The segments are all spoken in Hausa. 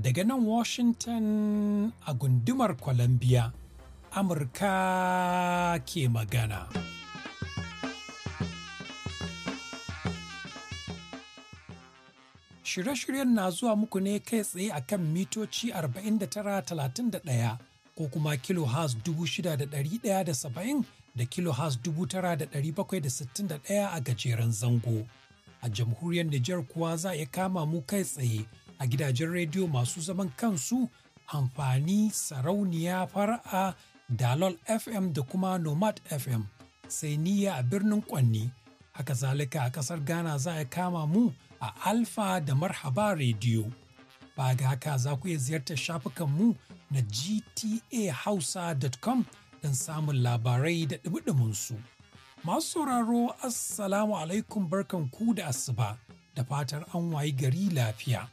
daga nan Washington a gundumar Columbia, Amurka ke magana. Shirye-shiryen na zuwa muku ne kai tsaye a kan mitoci 49.31 ko kuma kilohaz 6,170 da kilohaz 9,761 a gajeren zango. A jamhuriyar Nijar kuwa za a kama mu kai tsaye a gidajen rediyo masu zaman kansu amfani sarauniya fara'a dalol fm da kuma nomad fm sai niyya a birnin kwanni haka zalika a kasar ghana za a kama mu a alfa da marhaba rediyo ba ga haka za ku iya ziyartar mu na gtahausa.com don samun labarai da ɗumi Masu sauraro Assalamu alaikum barkan ku da asuba da fatar an wayi gari lafiya.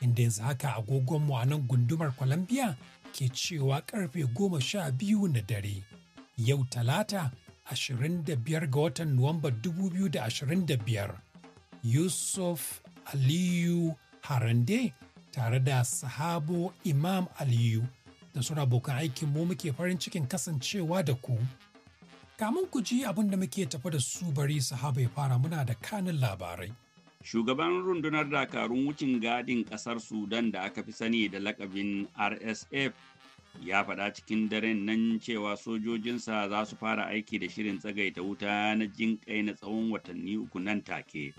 inda yanzu haka agogonmu a nan gundumar Colombia ke cewa karfe goma sha biyu na dare. Yau talata ashirin da biyar ga watan Nuwamba dubu biyu da da ashirin biyar, Yusuf Aliyu Harande tare da sahabo Imam Aliyu da suna abokan aikin mu muke farin cikin kasancewa da ku. Kamun ku ji abin da muke tafa da su bari sahaba ya fara muna da kanin labarai. Shugaban rundunar dakarun wucin gadin ƙasar Sudan da aka fi sani da lakabin RSF ya faɗa cikin daren nan cewa sojojinsa za su fara aiki da shirin tsagaita wuta na jinƙai na tsawon watanni uku nan take.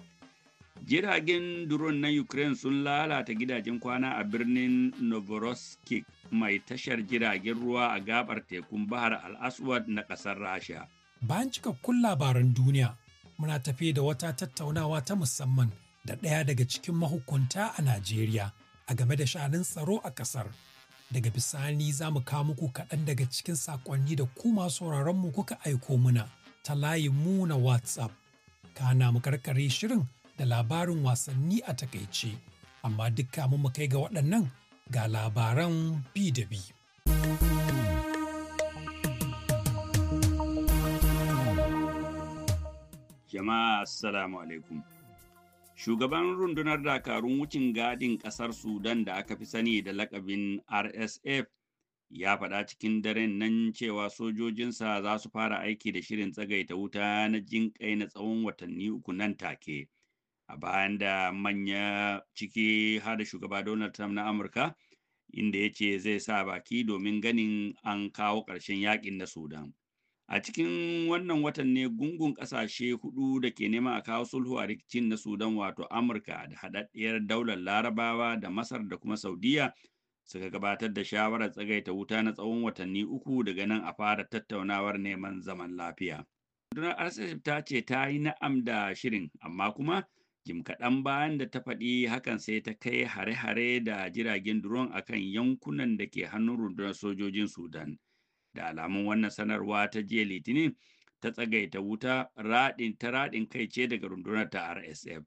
Jiragen duron na Ukraine sun lalata gidajen kwana a birnin Novorossiysk mai tashar jiragen ruwa a gabar tekun bahar Al-Aswad na ƙasar Rasha. Bayan cikakkun labaran duniya, muna tafi da wata tattaunawa ta musamman da ɗaya daga cikin mahukunta a Najeriya a game da sha'anin tsaro a ƙasar. Daga bisani za mu kawo muku kaɗan daga cikin saƙonni da kuma masu mu kuka aiko muna ta layin mu na WhatsApp. Kana mu karkare shirin da labarin wasanni a takaice, amma dukka mu kai ga waɗannan ga labaran bi da Jama'a Assalamu alaikum. Shugaban rundunar dakarun wucin gadin ƙasar Sudan da aka fi sani da lakabin RSF ya faɗa cikin daren nan cewa sojojinsa za su fara aiki da shirin tsagaita wuta na jin kai na tsawon watanni uku nan take. A bayan da manya ciki har da shugaba Donald Trump na Amurka, inda ya ce zai sa baki domin ganin an kawo ƙarshen yaƙin na Sudan. A cikin wannan watan ne gungun ƙasashe hudu da ke neman a kawo sulhu a rikicin na Sudan wato Amurka da haɗaɗɗiyar daular Larabawa da Masar da kuma Saudiya suka gabatar da shawarar tsagaita wuta na tsawon watanni uku daga nan a fara tattaunawar neman zaman lafiya. Rundunar RSF ta ce ta yi na'am da shirin amma kuma jim kaɗan bayan da ta faɗi hakan sai ta kai hare-hare da jiragen drone akan yankunan da ke hannun rundunar sojojin Sudan. da alamun wannan sanarwa ta jiya litinin ta tsagaita wuta raɗin ta raɗin kai ce daga rundunar ta rsf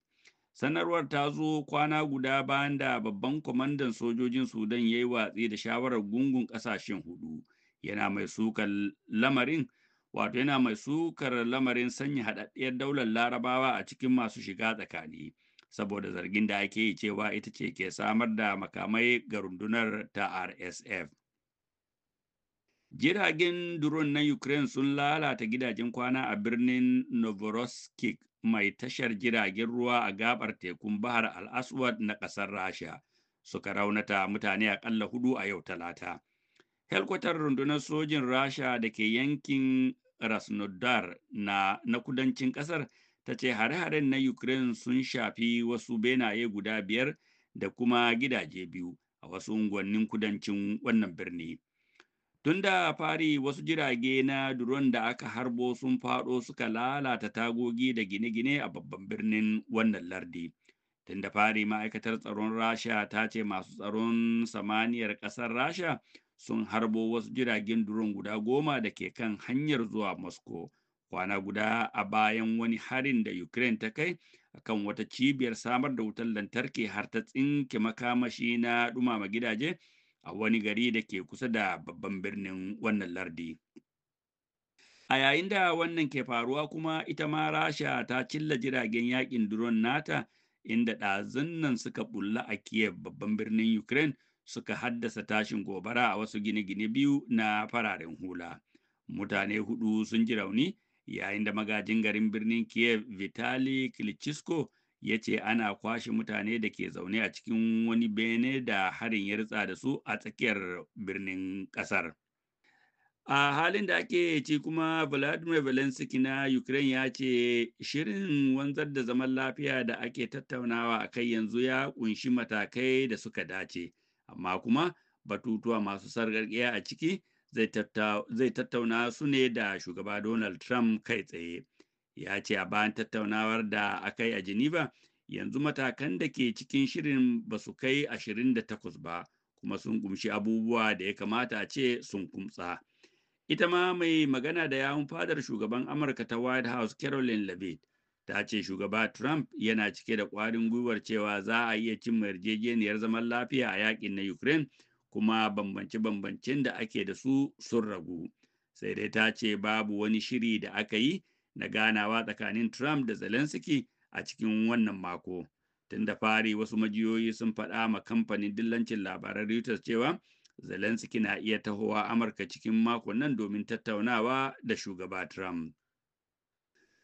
sanarwar ta zo kwana guda bayan da babban kwamandan sojojin sudan ya yi watsi da shawarar gungun ƙasashen hudu yana mai sukar lamarin wato yana mai sukar lamarin sanya haɗaɗɗiyar daular larabawa a cikin masu shiga tsakani saboda zargin da ake yi cewa ita ce ke samar da makamai ga rundunar ta rsf Jiragen drone na Ukraine sun lalata gidajen kwana a birnin Novorossiysk mai tashar jiragen ruwa a gabar tekun Bahar Al-Aswad na ƙasar Rasha, suka raunata mutane aƙalla hudu a yau talata. Helkwatar rundunar sojin Rasha da ke yankin Rasnodar na, na kudancin ƙasar ta ce hare-haren na Ukraine sun shafi wasu benaye guda biyar da kuma gidaje biyu a wasu unguwannin kudancin wannan birni. Tun da fari wasu jirage na duron da aka harbo sun faɗo suka lalata tagogi da gine-gine a babban birnin wannan lardi. Tun da fari ma'aikatar tsaron Rasha ta ce masu tsaron samaniyar ƙasar Rasha sun harbo wasu jiragen duron guda goma da ke kan hanyar zuwa Moscow. Kwana guda a bayan wani harin da Ukraine ta kai akan wata cibiyar samar da wutar lantarki har ta tsinke makamashi na dumama gidaje a wani gari da ke kusa da babban birnin wannan lardi. A yayin da wannan ke faruwa kuma ita ma Rasha ta cilla jiragen yakin duron nata inda ɗazun nan suka bulla a Kiev babban birnin Ukraine suka haddasa tashin gobara a wasu gine-gine biyu na fararen hula. Mutane hudu sun ji rauni yayin da magajin garin birnin Kiev Vitali Klitschko ya ce ana kwashe mutane da ke zaune a cikin wani bene da harin ya ritsa da su a tsakiyar birnin kasar. A halin da ake ci kuma Vladimir Zelensky na Ukraine ya ce shirin wanzar da zaman lafiya da ake tattaunawa a kai yanzu ya kunshi matakai da suka dace, amma kuma batutuwa masu sargargiya a ciki zai tattauna su ne da shugaba Donald Trump kai tsaye. ya ce a bayan tattaunawar da aka yi a geneva yanzu matakan da ke cikin shirin ba su kai 28 ba kuma sun ƙumshi abubuwa da ya kamata a ce sun kumtsa ita ma mai magana da yawun fadar shugaban amurka ta white house caroline levitt ta ce shugaba trump yana cike da kwarin gwiwar cewa za a iya cimma yarjejeniyar zaman lafiya a yakin na ukraine kuma bambance-bambancen da ake da su sun ragu sai dai ta ce babu wani shiri da aka yi na ganawa tsakanin Trump da Zelensky a cikin wannan mako. Tun da fari wasu majiyoyi sun faɗa ma kamfanin dillancin labaran Reuters cewa Zelensky na iya tahowa Amurka cikin mako nan domin tattaunawa da shugaba Trump.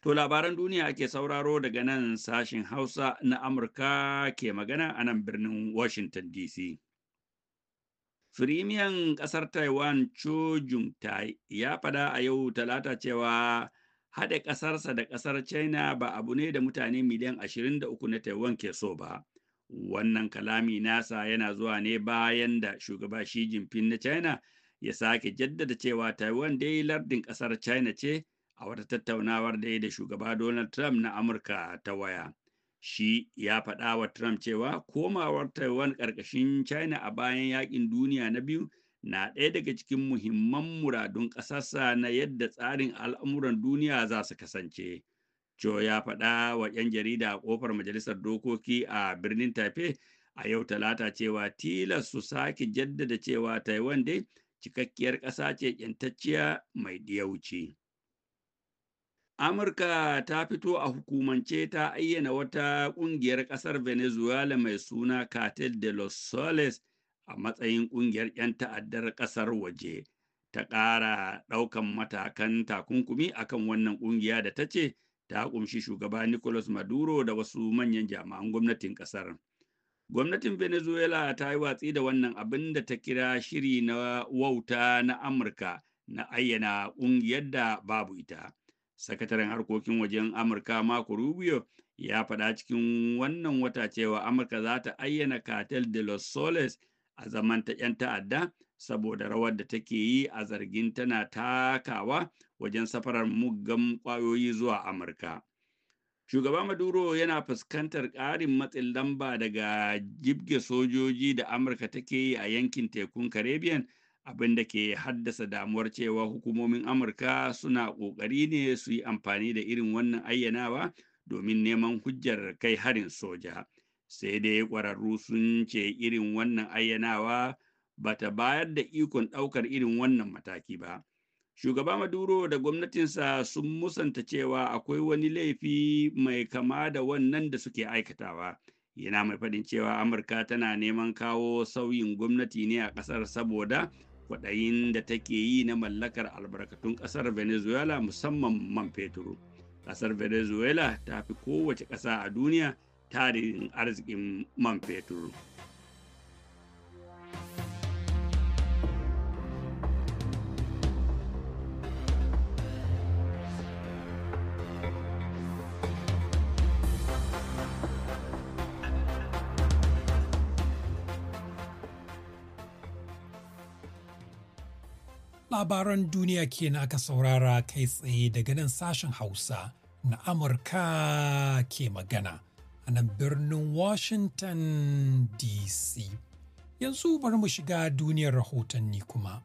To labaran duniya ake sauraro daga nan sashen Hausa na Amurka ke magana a nan birnin Washington DC. Firimiyan ƙasar Taiwan Cho Jung-tai ya fada a yau talata cewa haɗe ƙasarsa da ƙasar China ba abu ne da mutane miliyan 23 na Taiwan ke so ba. Wannan kalami nasa yana zuwa ne bayan da shugaba Xi Jinping na China ya sake jaddada cewa Taiwan dai lardin ƙasar China ce a wata tattaunawar da da shugaba Donald Trump na Amurka ta waya. Shi ya faɗa wa Trump cewa komawar Taiwan ƙarƙashin China a bayan yaƙin duniya na biyu na ɗaya daga cikin muhimman muradun ƙasarsa na yadda tsarin al'amuran duniya za su kasance. Cho ya faɗa wa 'yan jarida a ƙofar Majalisar Dokoki a birnin Taipei a yau talata cewa tilas su sake jaddada cewa Taiwan dai cikakkiyar ƙasa ce ‘yantacciya mai ɗiyauci. Amurka ta fito a hukumance ta ayyana wata ƙungiyar ƙasar Venezuela mai suna Cartel de los Soles a matsayin ƙungiyar 'yan ta'addar ƙasar waje ta ƙara ɗaukan matakan takunkumi akan wannan ƙungiya da ta ce ta ƙumshi shugaba Nicolas Maduro da wasu manyan jami'an gwamnatin ƙasar. Gwamnatin Venezuela ta yi watsi da wannan abin da ta kira shiri na wauta na Amurka na ayyana ƙungiyar da babu ita. Sakataren harkokin wajen Amurka Marco Rubio ya faɗa cikin wannan wata cewa Amurka za ta ayyana Cartel de los Soles a zaman ta 'yan ta'adda saboda rawar da take yi a zargin tana takawa wajen safarar muggan ƙwayoyi zuwa Amurka. Shugaba Maduro yana fuskantar ƙarin matsin lamba daga jibge sojoji da Amurka take yi a yankin tekun Caribbean abinda ke haddasa damuwar cewa hukumomin Amurka suna ƙoƙari ne su yi amfani da irin wannan ayyanawa domin neman hujjar kai harin soja. sai dai ƙwararru sun ce irin wannan ayyanawa ba ta bayar da ikon ɗaukar irin wannan mataki ba. Shugaba Maduro da gwamnatinsa sun musanta cewa akwai wani laifi mai kama da wannan da suke aikatawa. Yana mai faɗin cewa Amurka tana neman kawo sauyin gwamnati ne a ƙasar saboda kwaɗayin da take yi na mallakar albarkatun ƙasar Venezuela musamman man fetur. Ƙasar Venezuela ta fi kowace ƙasa a duniya. tarihin arzikin man fetur. labaran duniya na aka saurara kai tsaye daga nan sashen Hausa na Amurka ke magana a nan birnin Washington DC. Yanzu bari mu shiga duniyar rahotanni kuma.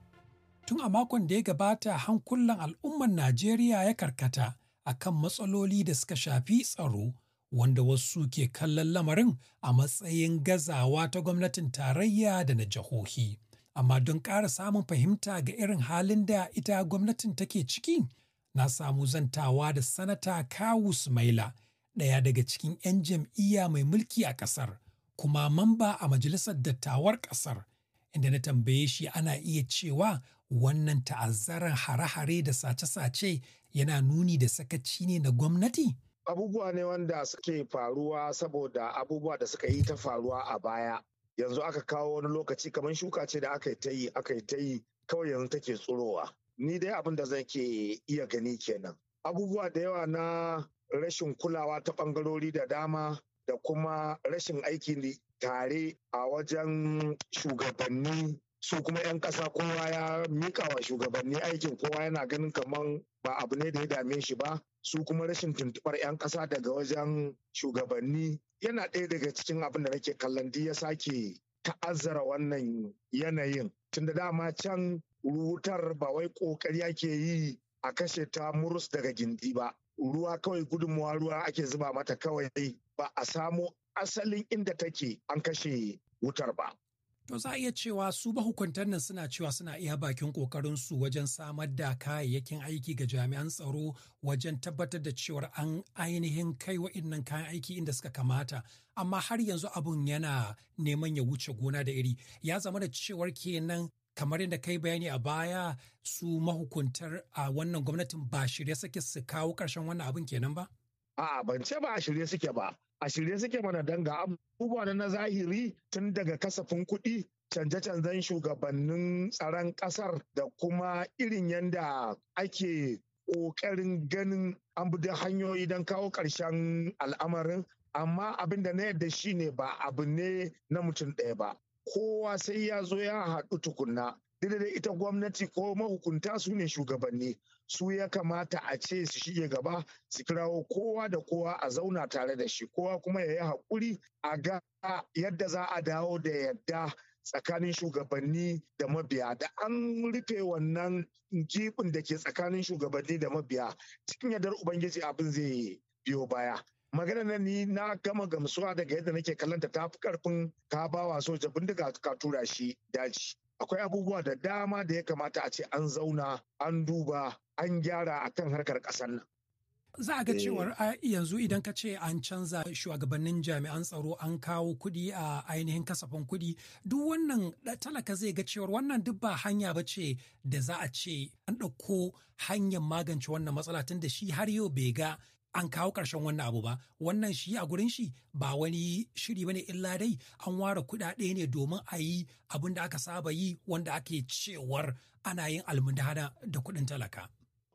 Tun a makon da ya gabata hankulan al'ummar Najeriya ya karkata a kan matsaloli da suka shafi tsaro wanda wasu ke kallon lamarin a matsayin gazawa ta gwamnatin tarayya da na jihohi. Amma don ƙara samun fahimta ga irin halin da ita gwamnatin take ciki, na samu zantawa da sanata Kawu Sumaila. ɗaya daga cikin 'yan jam'iyya mai mulki a ƙasar kuma mamba a majalisar dattawar ƙasar inda na tambaye shi ana iya cewa wannan ta'azzaran hare-hare da sace-sace yana nuni da sakaci ne na gwamnati? Abubuwa ne wanda suke faruwa saboda abubuwa da suka yi ta faruwa a baya. Yanzu aka kawo wani lokaci kamar shuka ce da aka yi ta yi, aka yi ta yi, kawai yanzu take tsurowa. Ni dai abin da zan ke iya gani kenan. Abubuwa da yawa na rashin kulawa ta ɓangarori da dama da kuma rashin aiki tare a wajen shugabanni su kuma 'yan ƙasa kowa ya mika wa shugabanni aikin kowa yana ganin kamar ba abu ne da ya dame shi ba su kuma rashin tuntubar 'yan ƙasa daga wajen shugabanni yana ɗaya daga cikin abin da nake kallon ya sake ta'azzara wannan yanayin tunda dama can wutar ba wai ƙoƙari ake yi a kashe ta murus daga gindi ba ruwa kawai gudunmawa ruwa ake zuba mata kawai ba a samo asalin inda take an kashe wutar ba. To za a iya cewa su mahukuntan nan suna cewa suna iya bakin su wajen samar da kayayyakin aiki ga jami'an tsaro wajen tabbatar da cewar an ainihin kai wa'innan kayan aiki inda suka kamata. Amma har yanzu abun yana neman ya wuce gona da iri. Ya zama da cewar kenan kamar yadda kai bayani a baya su mahukuntar a wannan gwamnatin ba shirye suke su kawo ƙarshen wannan abin kenan ba? A'a ban ce ba a shirye suke ba. A shirye suke mana danga abubuwa na zahiri tun daga kasafin kuɗi canje-canzen shugabannin tsaron ƙasar da kuma irin yadda ake ƙoƙarin ganin an bi hanyoyi don kawo ƙarshen al'amarin amma abin da na yadda shi ne ba abu ne na mutum ɗaya ba kowa sai ya zo ya haɗu tukunna daidai ita gwamnati ko mahukunta su ne shugabanni su ya kamata a ce su shige gaba su kirawo kowa da kowa a zauna tare da shi kowa kuma ya yi haƙuri a ga yadda za a dawo da yadda tsakanin shugabanni da mabiya da an rufe wannan jibin da ke tsakanin shugabanni da mabiya cikin yadda ubangiji abin zai biyo baya magana nan ni na gama gamsuwa daga yadda nake kallonta ta fi karfin ka wa soja bindiga ka tura shi daji akwai abubuwa da dama da ya kamata a ce an zauna an duba an gyara a kan harkar ƙasar nan za a ga eh. cewar yanzu idan ka ce an canza shugabannin jami'an tsaro an kawo kuɗi a ainihin kasafin kuɗi duk wannan talaka zai ga cewar wannan duk ba hanya ba ce da za a ce an ɗauko hanyar magance wannan matsala tun da shi har yau bai ga an kawo ƙarshen wannan abu ba wannan shi a gurin shi ba wani shiri bane illa dai an ware kuɗaɗe ne domin a yi abin da aka saba yi wanda ake cewar ana yin almundana da kuɗin talaka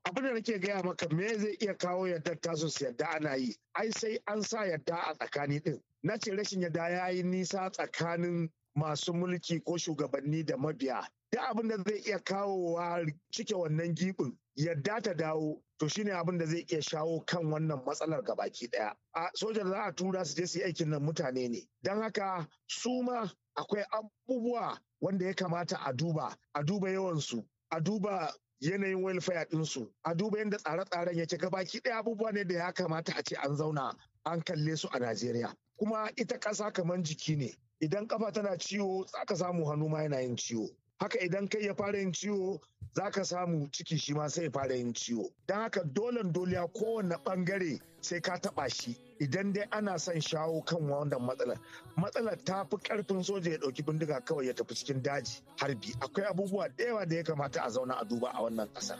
abin da nake gaya maka me zai iya kawo yadda ta su yadda ana yi ai sai an sa yadda a tsakani din na ce rashin yadda ya yi nisa tsakanin masu mulki ko shugabanni da mabiya duk abin da zai iya kawowa cike wannan gibin yadda ta dawo to shine abin da zai iya shawo kan wannan matsalar gabaki daya a sojan za a tura su je su yi aikin nan mutane ne don haka su ma akwai abubuwa wanda ya kamata a duba a duba yawansu a duba yanayin welfare su. a duba yadda tsare-tsaren yake gabaki ɗaya abubuwa ne da ya kamata a ce an zauna an kalle su a najeriya kuma ita ƙasa kamar jiki ne idan kafa tana ciwo za ka samu hannu ma yana yin ciwo haka idan kai ya fara yin ciwo za ka samu ciki shi ma sai ya fara yin ciwo don haka dole doliya kowane bangare sai ka taba shi idan dai ana son shawo kan wannan matsalar matsalar ta fi karfin soja ya dauki bindiga kawai ya tafi cikin daji harbi akwai abubuwa da yawa da ya kamata a zauna a duba a wannan kasar.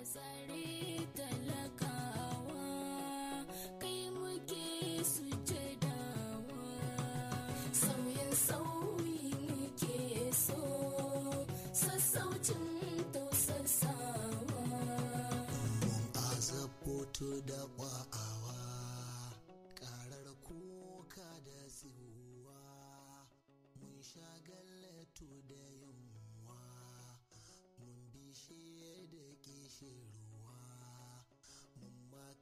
su da ƙwa'awa ƙarar kuka da tsiwuwa mun sha gallatu da yunwa mun bishe da kishirwa mun ma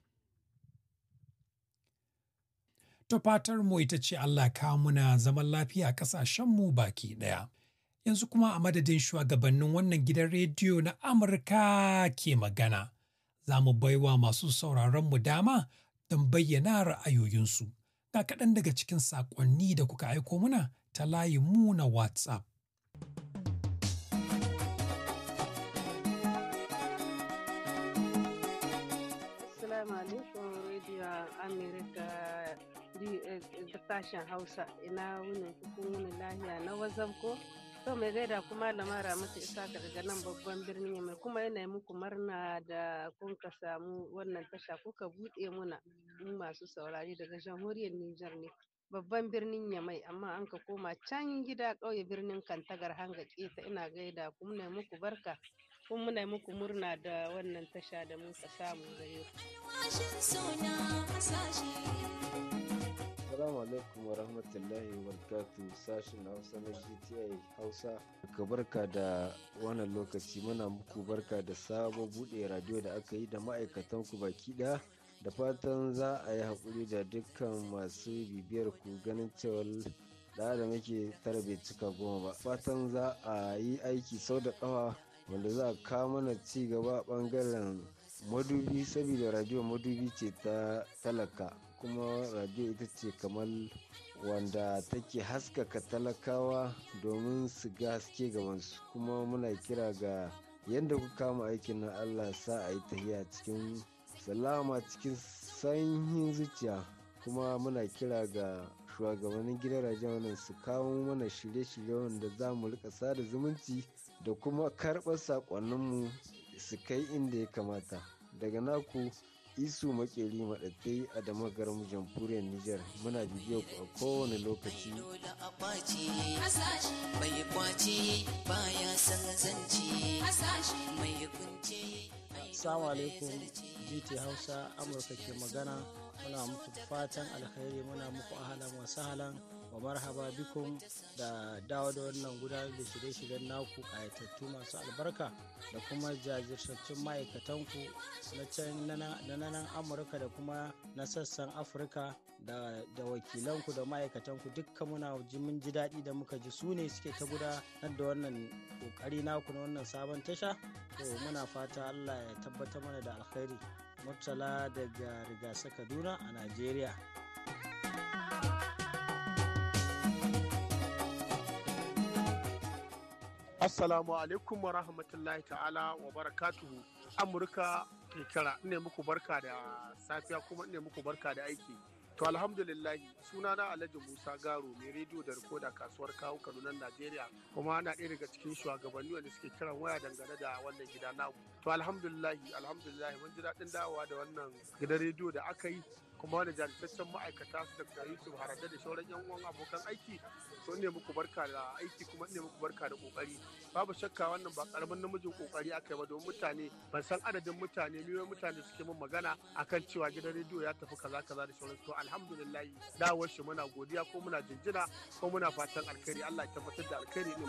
ta fatar mu ita ce Allah ka muna zaman lafiya ƙasashenmu baki ɗaya. Yanzu kuma a madadin shugabannin wannan gidan rediyo na Amurka ke magana. za mu baiwa masu sauraronmu dama don bayyana ra'ayoyinsu. Ga kaɗan daga cikin saƙonni da kuka aiko muna ta layi mu na WhatsApp. Assalamu alaikum sashen Hausa ina wunin kukun wunin lahiya na wazan ko? To mai gaida kuma lamara mace isa daga nan babban birnin yamai kuma yana muku murna da kun ka samu wannan tasha kuka buɗe muna mu masu saurari daga jamhuriyar Nijar ne babban birnin yamai amma an ka koma can gida kauye birnin Kantagar hanga keta ina gaida ku muna muku barka kuma muna muku murna da wannan tasha da muka samu gare ku. Assalamu alaikum wa rahmatullahi wa barakatu sashen Hausa na GTA Hausa. Ka barka da wannan lokaci muna muku barka da sabon buɗe radio da aka yi da ma'aikatan ku baki ɗaya. Da fatan za a yi hakuri da dukkan masu bibiyar ku ganin cewa da da muke tara bai cika goma ba. Fatan za a yi aiki sau da ƙafa wanda za a kawo mana ci gaba bangaren ɓangaren madubi saboda radio madubi ce ta talaka. kuma radio ita ce kamar wanda take haskaka talakawa domin su ga haske gabansu kuma muna kira ga yadda kuka kama aikin na allah sa a yi tahiya cikin salama cikin sanyin zuciya kuma muna kira ga shugabannin gidan rajon su kawo mana shirye-shirye wanda za mu rika sada zumunci da kuma karɓar saƙonninmu su kai inda ya kamata daga naku isu makeri maɗaɗai a damagar jamhuriyar Nijar muna bibiya ku a kowane lokaci. Mai kwace baya san alaikum GT Hausa Amurka ke magana muna muku fatan alkhairi muna muku ahalan wasu halan wa marhaba bikon da dawo da wannan gudanar da shirye-shiryen naku kayatattu masu albarka da kuma jajirtattun ma'aikatanku na can na nan amurka da kuma na sassan afirka da wakilanku da ma'aikatanku dukkan muna mun ji daɗi da muka ji sune suke ta gudanar da wannan kokari naku na wannan sabon tasha to muna fata allah ya tabbatar mana da alkhairi murtala daga rigasa kaduna a najeriya Assalamu alaikum wa rahmatullahi ta'ala wa barakatuhu. Amurka ke kira ina muku barka da safiya kuma ne muku barka da aiki. To alhamdulillahi sunana Alhaji Musa Garo mai rediyo da rikoda kasuwar kawo Kaduna Najeriya kuma ana ɗaya daga cikin shugabanni wanda suke kiran waya dangane da wannan gida namu. To alhamdulillahi alhamdulillahi mun ji daɗin dawowa da wannan gidan rediyo da aka yi kuma da jajirtaccen ma'aikata su Dr. Yusuf Harada da sauran yan uwan abokan aiki to ne muku barka da aiki kuma ne muku barka da kokari babu shakka wannan ba karamin namijin kokari aka yi ba domin mutane ban san adadin mutane miliyoyin mutane suke min magana akan cewa gidan rediyo ya tafi kaza kaza da sauran to alhamdulillah da shi muna godiya ko muna jinjina ko muna fatan alkhairi Allah ya tabbatar da alkhairi ne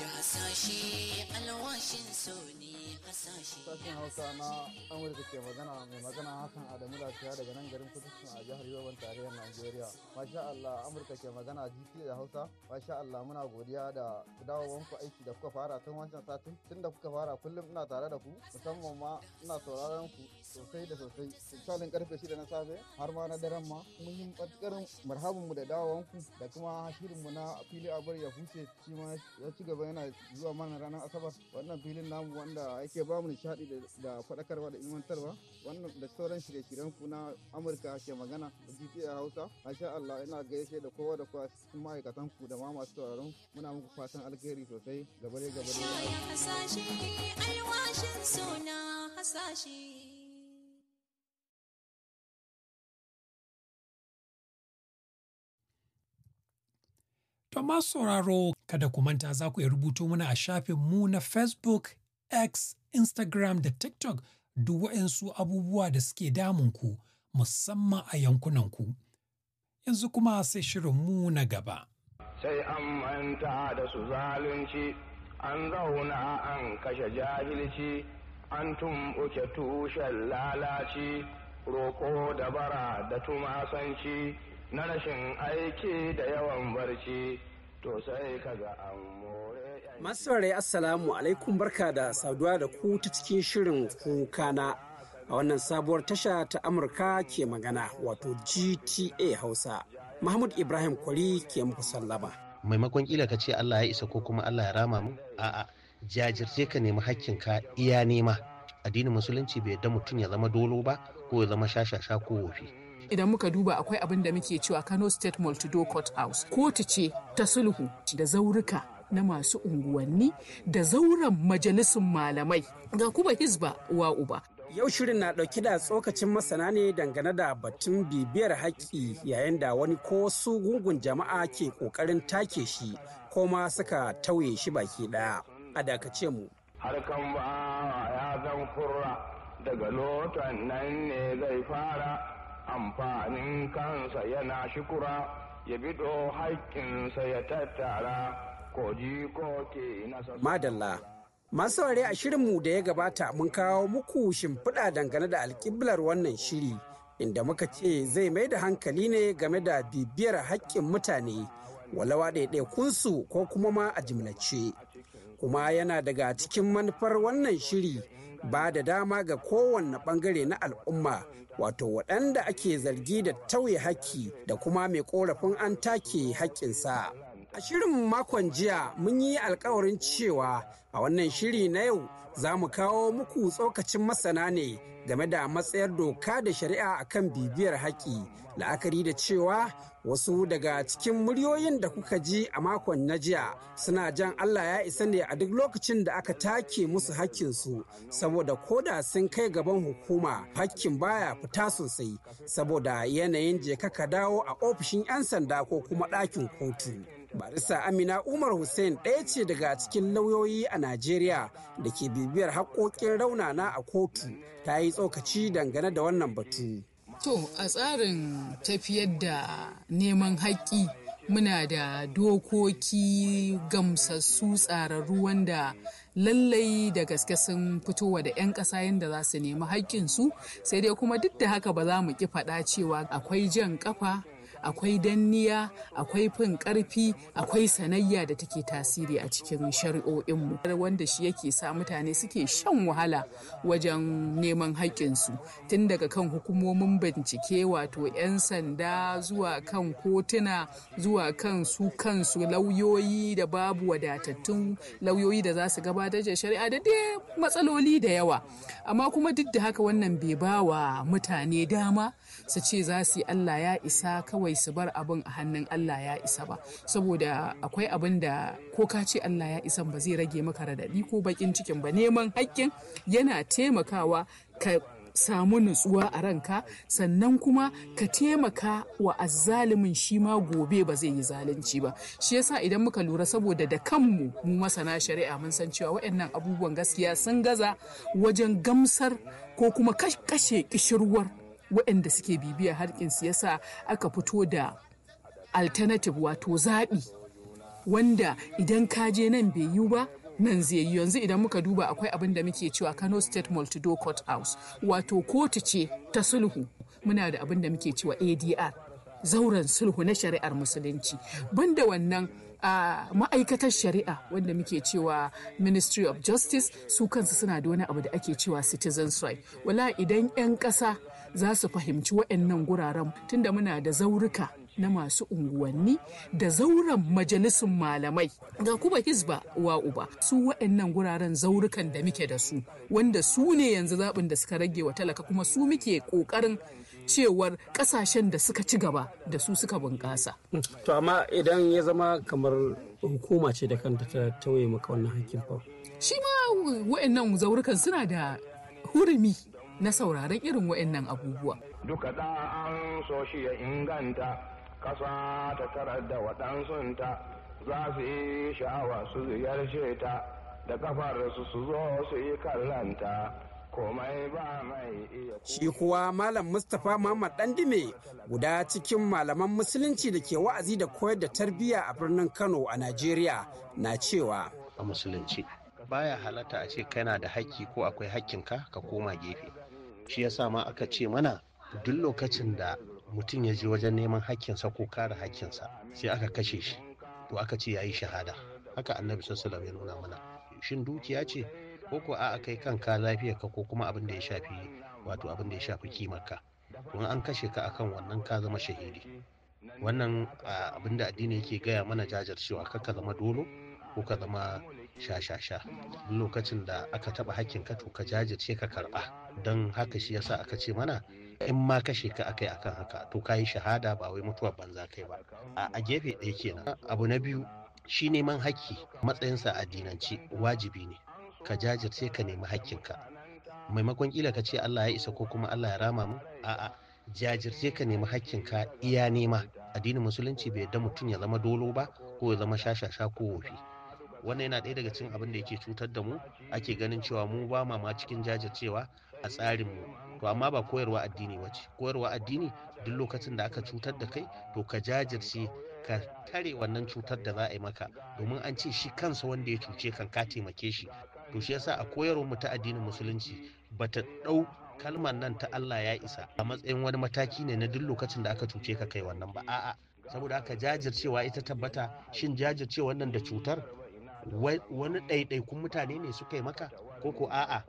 ya hasashe alwashin so ne hasashe sashen hausa na amurka ke magana mai magana hakan Adamu Lafiya daga nan garin kudusun a jihar Yoban tarayyar Najeriya. Masha Allah Amurka ke magana gc da Hausa. Masha Allah muna godiya da dawowanku aiki da kuka fara tun wancan satin. Tun da kuka fara kullum ina tare da ku musamman ma ina sauraron ku sosai da sosai misalin karfe shida na safe har ma na daren ma mun yi matkarin marhabin mu da ku da kuma shirin mu na fili a bari ya huce shi ma ya ci gaba yana zuwa mana ranar asabar wannan filin namu wanda yake ba mu nishaɗi da faɗakarwa da imantarwa. wannan da sauran shirye-shiryen ku na amurka ke magana da gta hausa masha allah ina gaishe da kowa da kowa cikin ma'aikatan ku da ma masu sauraron muna muku fatan alheri sosai gabare gabare. hasashe, alwashin suna hasashe. To masu sauraro kada ku manta za ku iya rubuto mana a shafin mu na Facebook, X, Instagram da TikTok duk waɗansu abubuwa da suke damun ku musamman a yankunan ku Yanzu kuma sai shirin mu na gaba. Sai an manta da su zalunci, an zauna an kashe jahilci, an tumɓuke tushen lalaci, roƙo da bara da tumasanci. na rashin aiki da yawan barci to sai kaga an more masu saurare assalamu alaikum barka da saduwa da ku ta cikin shirin kuka na a wannan sabuwar tasha ta amurka ke magana wato gta hausa mahmud ibrahim kwari ke muku sallama maimakon kila ka ce allah ya isa ko kuma allah ya rama mu a'a jajirce ka nemi hakkinka iya nema addinin musulunci bai da mutum ya zama dolo ba ko ya zama shashasha ko wofi idan muka duba akwai abin da muke cewa Kano State Multido Court House kotu ce ta sulhu da zaurika na masu unguwanni da zauren majalisun malamai ga kuma hizba wa uba Yau shirin na ɗauki da tsokacin masana ne dangane da batun bibiyar haƙƙi yayin da wani ko su gungun jama'a ke ƙoƙarin take shi ko ma suka tauye shi baki ɗaya. A dakace mu. Harkan ba ya zan furra daga lotan nan ne zai fara amfanin kansa yana shukura ya bido haƙƙinsa ya tattara koji ko ke nasa. Madalla, masu saurare a shirinmu da ya gabata mun kawo muku shimfiɗa dangane da alƙiblar wannan shiri inda muka ce zai mai da hankali ne game da bibiyar haƙƙin mutane walawa ɗaiɗaikunsu ko kuma ma a jimlace. kuma yana daga cikin manufar wannan shiri ba da dama ga kowanne bangare na al'umma wato waɗanda ake zargi da tauye haƙƙi da kuma mai ƙorafin an take haƙƙinsa A shirin makon jiya mun yi alkawarin cewa a wannan shiri na yau za mu kawo muku tsokacin masana ne game da matsayar doka da shari'a akan bibiyar haƙi la'akari da cewa wasu daga cikin muryoyin da kuka ji a makon na jiya suna jan Allah ya isa ne a duk lokacin da aka take musu hakkinsu saboda koda sun kai gaban hukuma hakkin baya fita sosai saboda yanayin je ka dawo a ofishin 'yan sanda ko kuma ɗakin kotu. barista amina umar hussein ɗaya ce daga cikin lauyoyi a najeriya da ke bibiyar haƙoƙin raunana a kotu ta yi tsokaci dangane da wannan batu to a tsarin tafiyar da neman haƙƙi muna da dokoki gamsassu tsararru wanda lallai da gaske sun fitowa da 'yan ƙasa yadda za su nemi haƙƙinsu sai dai kuma duk da haka ba za mu ƙi faɗa cewa akwai jan ƙafa akwai danniya akwai fin karfi akwai sanayya da take tasiri a cikin shari'o'inmu wanda shi yake sa mutane suke shan wahala wajen neman haƙƙinsu tun daga kan hukumomin bincike wato 'yan sanda zuwa kan kotuna zuwa kan su kansu lauyoyi da babu wadatattun lauyoyi da za su gabatar da shari'a da dai matsaloli da yawa amma kuma duk da haka wannan bai bawa mutane dama su ce za su yi Allah ya isa kawai su bar abin a hannun Allah ya isa ba saboda akwai abin da ko ka ce Allah ya isa ba zai rage maka radadi ko bakin cikin ba neman hakkin yana taimakawa ka samu nutsuwa a ranka sannan kuma ka taimaka wa azzalumin shi ma gobe ba zai yi zalunci ba shi yasa idan muka lura saboda da kanmu mu masana shari'a mun san cewa waɗannan abubuwan gaskiya sun gaza wajen gamsar ko kuma kashe kishirwar waɗanda suke bibiya harkin siyasa aka fito da alternative wato zaɓi wanda idan ka je nan bai yi ba nan zai yi yanzu idan muka duba akwai abin da muke cewa kano state multido court house wato kotu ce ta sulhu muna da abin da muke cewa adr zauren sulhu na shari'ar musulunci banda wannan a ma'aikatar shari'a wanda muke cewa ministry of justice su kansu suna da wani abu da ake cewa citizen soy wala idan 'yan ƙasa za su fahimci waɗannan guraren tunda muna da zaurika na masu unguwanni da zauren majalisun malamai ga kuma Hisba wa uba su waɗannan guraren zaurukan da muke da su wanda su ne yanzu zaɓin da suka rage wa talaka kuma su muke ƙoƙarin cewar ƙasashen da suka ci gaba da su suka bunƙasa. to amma idan ya zama kamar hukuma ce da kanta ta tauye maka wannan hakkin fa. shi ma waɗannan zaurukan suna da hurumi na sauraron irin wa'annan abubuwa. Duka da an so shi ya inganta kasa ta tarar da waɗansunta za su yi sha'awa su ziyarce ta da kafarsu su zo su yi kallanta. Shi kuwa Malam Mustapha Muhammad Dandime guda cikin malaman musulunci da ke wa'azi da koyar da tarbiyya a birnin Kano a Najeriya na cewa. A musulunci baya halatta a ce kana da haƙƙi ko akwai haƙƙinka ka koma gefe. shi ya ma aka ce mana duk lokacin da mutum ya je wajen neman hakkinsa ko kare hakkinsa sai aka kashe shi to aka ce ya yi shahada haka annabi sallallahu ya nuna mana shin dukiya ce ko ko a kai kanka lafiyarka ko kuma abin da ya shafi wato abin da ya shafi kimarka kuma an kashe ka akan wannan ka zama shahidi wannan abin da addini yake gaya mana jajircewa ka zama dolo ko ka zama sha-sha-sha lokacin da aka taba hakkin to ka jajirce ka karba don haka shi yasa aka ce mana in ma kashe ka akai akan haka to kayi shahada ba wai mutuwar banza kai ba a gefe ɗaya kenan abu na biyu shi neman haƙƙi matsayinsa a addinance wajibi ne ka jajirce ka nemi haƙƙinka maimakon kila ka ce Allah ya isa ko kuma Allah ya rama mu a'a jajirce ka nemi haƙƙinka iya nema addinin musulunci bai da mutum ya zama dolo ba ko ya zama shashasha ko wofi wannan yana ɗaya daga cikin abin da yake cutar da mu ake ganin cewa mu ba ma cikin jajircewa a tsarinmu to amma ba koyarwa addini ba ce koyarwa addini duk lokacin da aka cutar da kai to ka jajirce ka tare wannan cutar da za a yi maka domin an ce shi kansa wanda ya cuce kan ka taimake shi to shi yasa a koyarwar ta addinin musulunci ba ta dau kalmar nan ta Allah ya isa a matsayin wani mataki ne na duk lokacin da aka cuce ka kai wannan ba a'a saboda aka jajircewa ita tabbata shin jajircewa wannan da cutar wani ɗaiɗaikun mutane ne suka yi maka ko ko a'a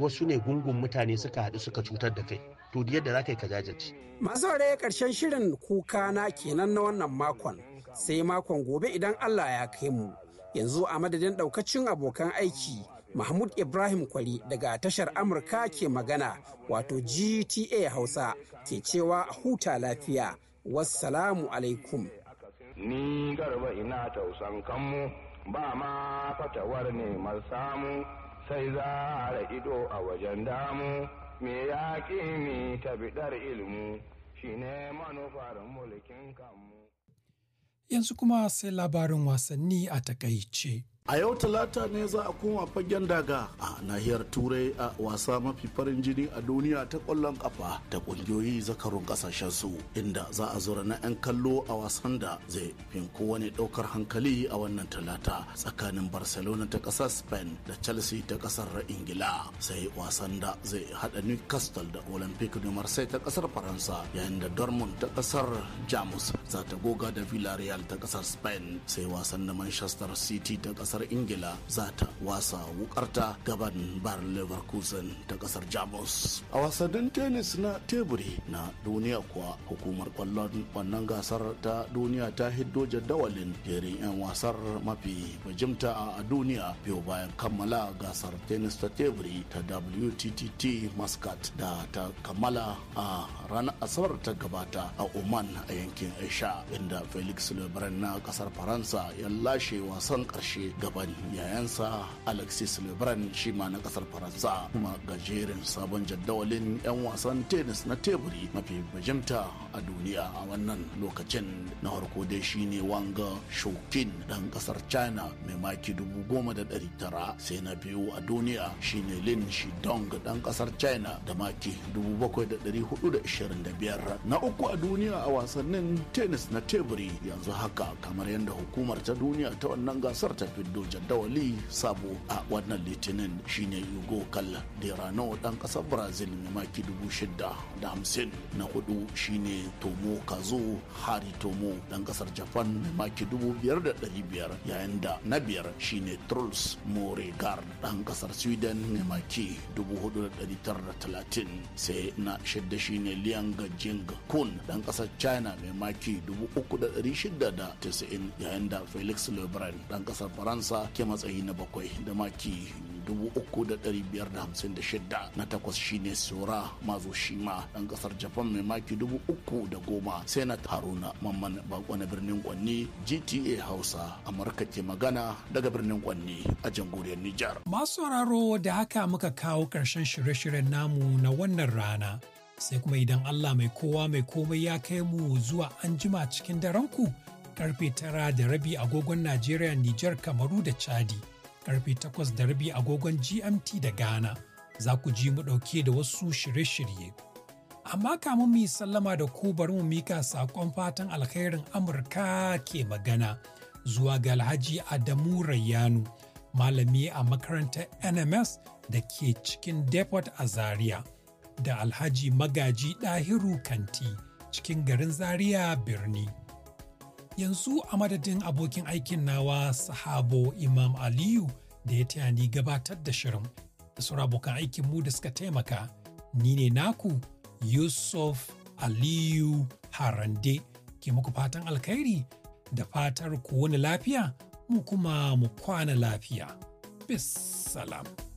wasu ne gungun mutane suka haɗu suka cutar da kai to yadda za ka yi ka jajirce. masaure karshen shirin kuka na kenan na wannan makon sai makon gobe idan allah ya kai mu yanzu a madadin ɗaukacin abokan aiki Mahmud Ibrahim Kwari daga tashar Amurka ke magana wato GTA Hausa ke cewa huta lafiya. Wassalamu alaikum. Ni garba ina tausan kanmu ba ma fatawar ne samu. sai za a ido a wajen damu me ya mi ta bidar ilmu shi ne manufar mulkin kanmu. Yanzu kuma sai labarin wasanni a takaice. a yau talata ne za a koma fagen daga a nahiyar turai a wasa mafi farin jini a duniya ta kwallon kafa ta kungiyoyi zakarun kasashen su inda za a zura na 'yan kallo a wasan da zai fin kowane daukar hankali a wannan talata tsakanin barcelona ta kasar spain da chelsea ta kasar ingila sai wasan da zai hada newcastle da olympic de marseille ta kasar faransa yayin da dortmund ta kasar jamus za ta goga da villarreal ta kasar spain sai wasan da manchester city ta kasar kasar ingila za ta wasa wukarta gaban bar leverkusen ta kasar jamus a wasannin tennis na teburi na duniya kuwa hukumar kwallon wannan gasar ta duniya ta hiddo jadawalin jerin 'yan wasar mafi bajimta a duniya biyu bayan kammala gasar tennis ta teburi ta wttt muscat da ta kammala a ranar asabar ta gabata a oman a yankin aisha inda felix lebrun na kasar faransa ya lashe wasan karshe ga gabani yayansa alexis lebrun shi ma na kasar faransa kuma gajerin sabon jadawalin 'yan wasan tennis na teburi mafi bajimta a duniya a wannan lokacin na harko dai shi ne wanga shokin dan kasar china mai maki dubu goma da dari tara sai na biyu a duniya shi ne lin shidong dan kasar china da maki dubu bakwai da dari hudu da ishirin da biyar na uku a duniya a wasannin tennis na teburi yanzu haka kamar yadda hukumar ta duniya ta wannan gasar ta fi do jadawali sabo a wannan litinin shine yugo kalla da rano dan kasar brazil mai maki dubu shida da hamsin na hudu shine tomo kazo hari tomo dan kasar japan mai maki dubu biyar da dari biyar yayin da na biyar shine trolls moregar dan kasar sweden mai maki dubu hudu da dari tara da talatin sai na shida shine liang jing kun dan kasar china mai maki dubu uku da dari shida da tasa'in yayin da felix lebrun dan kasar faransa ansa ke matsayi na bakwai da maki 356,000 na takwas shine sora mazo shima dan ƙasar japan mai maki 310,000 sai na haruna mamman bako na birnin kwanni gta hausa amurka ke magana daga birnin kwanni a jamhuriyar nijar masu sauraro da haka muka kawo ƙarshen shirye-shiryen namu na wannan rana sai kuma idan allah mai kowa mai komai ya kai mu zuwa anjima cikin daren ku karfe tara da rabi agogon Najeriya, Nijar, Kamaru da Chadi, karfe takwas da rabi agogon GMT da Ghana. Za ku ji mu ɗauke da wasu shirye-shirye. Amma kamun mu sallama da ku bari mu mika saƙon fatan alkhairin Amurka ke magana zuwa ga Alhaji Adamu Rayyanu, malami a makarantar NMS da ke cikin Depot a Zaria, da Alhaji Magaji Ɗahiru Kanti cikin garin Zaria birni. yanzu a madadin abokin aikin nawa sahabo imam aliyu da ya taya ni gabatar da shirin da sauran abokan aikin mu da suka taimaka ni ne naku yusuf aliyu harande ke muku fatan alkhairi da fatar ku wani lafiya mu kuma mu kwana lafiya bis salam